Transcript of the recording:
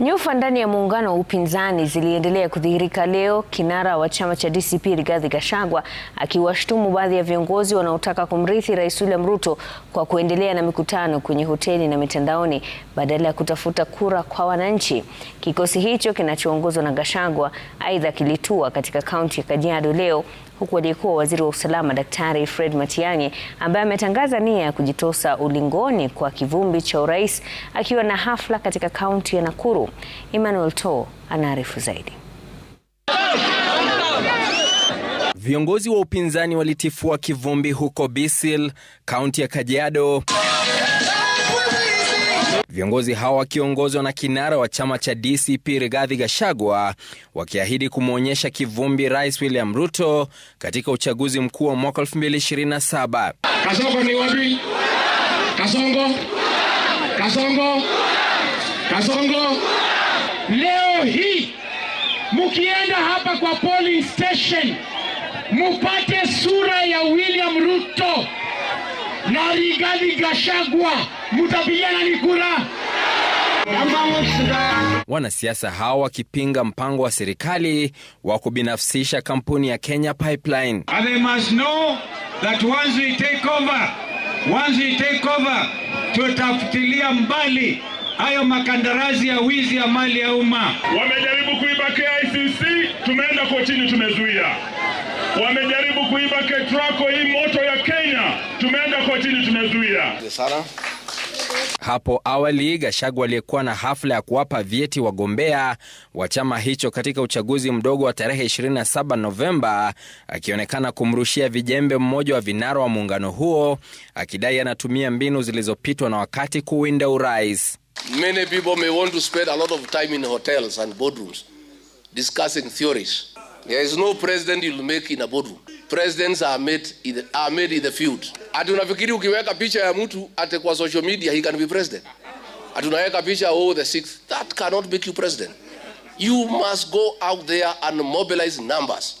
Nyufa ndani ya muungano wa upinzani ziliendelea kudhihirika leo, kinara wa chama cha DCP Rigathi Gachagua akiwashtumu baadhi ya viongozi wanaotaka kumrithi Rais William Ruto kwa kuendelea na mikutano kwenye hoteli na mitandaoni badala ya kutafuta kura kwa wananchi. Kikosi hicho kinachoongozwa na Gachagua aidha kilitua katika kaunti ya Kajiado leo huku aliyekuwa waziri wa usalama Daktari Fred Matiang'i ambaye ametangaza nia ya kujitosa ulingoni kwa kivumbi cha urais akiwa na hafla katika kaunti ya Nakuru. Emmanuel To anaarifu zaidi. Viongozi wa upinzani walitifua kivumbi huko Bisil, kaunti ya Kajiado Viongozi hao wakiongozwa na kinara wa chama cha DCP Rigathi Gachagua wakiahidi kumwonyesha kivumbi Rais William Ruto katika uchaguzi mkuu wa mwaka 2027. Kasongo ni wapi? Kasongo. Kasongo. Kasongo. Leo hii mukienda hapa kwa polling station mupate sura ya William Ruto na Rigathi Gachagua mutapigana ni kura. Wanasiasa hao wakipinga mpango wa serikali wa kubinafsisha kampuni ya Kenya Pipeline. Tutafutilia mbali hayo makandarasi ya wizi ya mali ya umma. Wamejaribu kuiba KICC, tumeenda kotini, tumezuia. Wamejaribu kuiba KETRACO, hii moto ya Kenya, tumeenda kotini, tumezuia. Hapo awali Gachagua aliyekuwa na hafla ya kuwapa vyeti wagombea wa chama hicho katika uchaguzi mdogo wa tarehe 27 Novemba, akionekana kumrushia vijembe mmoja wa vinara wa muungano huo, akidai anatumia mbinu zilizopitwa na wakati kuwinda urais. Many presidents are made in the, are made in the field. Ati unafikiri ukiweka picha ya mtu ate kwa social media he can be president? Ati unaweka picha oh the sixth, that cannot make you president. You must go out there and mobilize numbers.